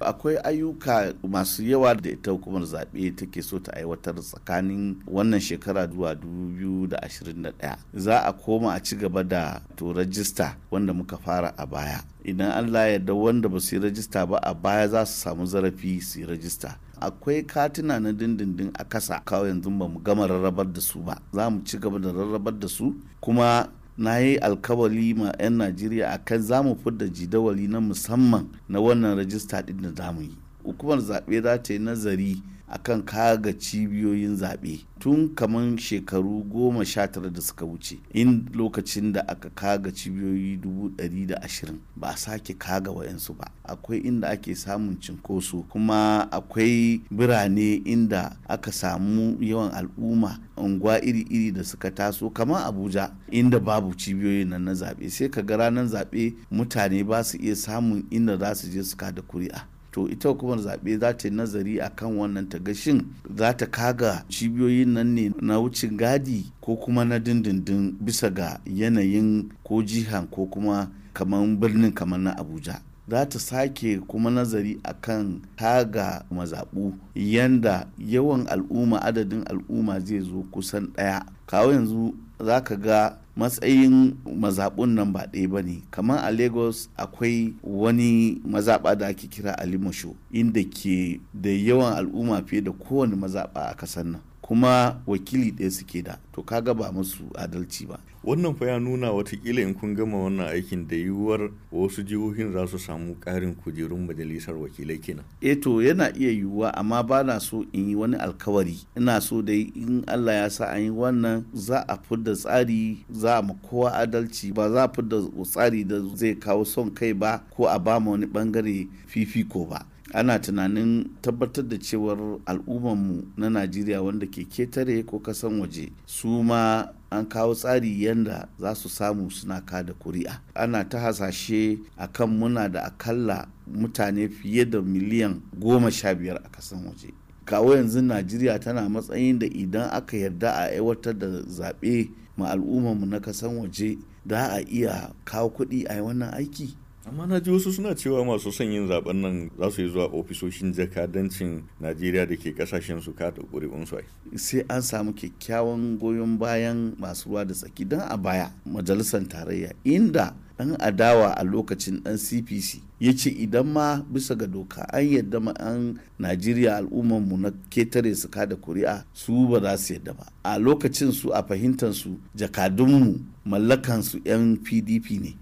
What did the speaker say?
akwai ayyuka masu yawa da ita hukumar zaɓe take so ta aiwatar tsakanin wannan shekara zuwa 2021 za a koma a ci gaba da to rajista wanda muka fara a baya idan allah yarda wanda ba su yi rajista ba a baya za su samu zarafi su yi rajista akwai katina na dindindin a kasa kawai yanzu ba mu gama rarrabar da su ba za mu ci gaba da rarrabar da su kuma na yi alkawali ma 'yan najeriya kan za mu fidda jidawali na musamman na wannan rajista ɗin da za mu yi hukumar zaɓe za ta yi nazari akan kaga cibiyoyin zaɓe tun kaman shekaru goma sha tara da suka wuce in lokacin da aka kaga cibiyoyi dubu ɗari da ashirin ba a sake kaga wayansu ba akwai inda ake samun cinkoso kuma akwai birane inda aka samu yawan al'umma unguwa iri-iri da suka taso kamar abuja inda babu cibiyoyi nan na zaɓe sai ka ga ranar zaɓe mutane ba su iya samun inda za su je su kada kuri'a to ita hukumar zaɓe za ta yi nazari a kan wannan ta shin za ta kaga cibiyoyin nan ne na wucin gadi ko kuma na dindindin bisa ga yanayin ko jihan ko kuma kamar birnin kamar na abuja za ta sake kuma nazari a kan taga mazaɓu yanda yawan al'umma adadin al'umma zai zo kusan ɗaya kawo yanzu za ka ga matsayin mazaɓun nan ba ɗaya ba ne kamar a lagos akwai wani mazaɓa da ake kira alimasho inda ke da yawan al'umma fiye da kowane mazaɓa a ƙasar nan kuma wakili ɗaya suke da to kaga ba musu adalci ba wannan fa ya nuna watakila in kun gama wannan aikin da yiwuwar wasu jihohin za su samu ƙarin kujerun majalisar wakilai kenan eh to yana iya yiwuwa amma ba na so in yi wani alkawari ina so dai in Allah ya sa an yi wannan za a fidda tsari za a kowa adalci ba za a fidda tsari da zai kawo son kai ba ko a ba wani bangare fifiko ba ana tunanin tabbatar da cewar al'ummanmu na najeriya wanda ke ketare ko kasan waje su ma an kawo tsari yadda za su samu suna kada kuri'a ana ta hasashe a kan muna da akalla mutane fiye da miliyan goma sha biyar a kasan waje kawo yanzu najeriya tana matsayin da idan aka yarda a aiwatar da zaɓe ma al'ummanmu na kasan waje za a iya kawo kuɗi a wannan aiki amma na ji wasu suna cewa masu son yin zaben nan za su yi zuwa ofisoshin jakadancin najeriya da ke kasashen su kata ƙuri'un su sai an samu kyakkyawan goyon bayan masu ruwa da tsaki don a baya majalisar tarayya inda dan adawa a lokacin dan cpc ya ce idan ma bisa ga doka an yadda ma an najeriya mu na ketare su kada kuri'a su ba za su yadda ba a lokacin su a fahimtar su jakadunmu mallakansu yan pdp ne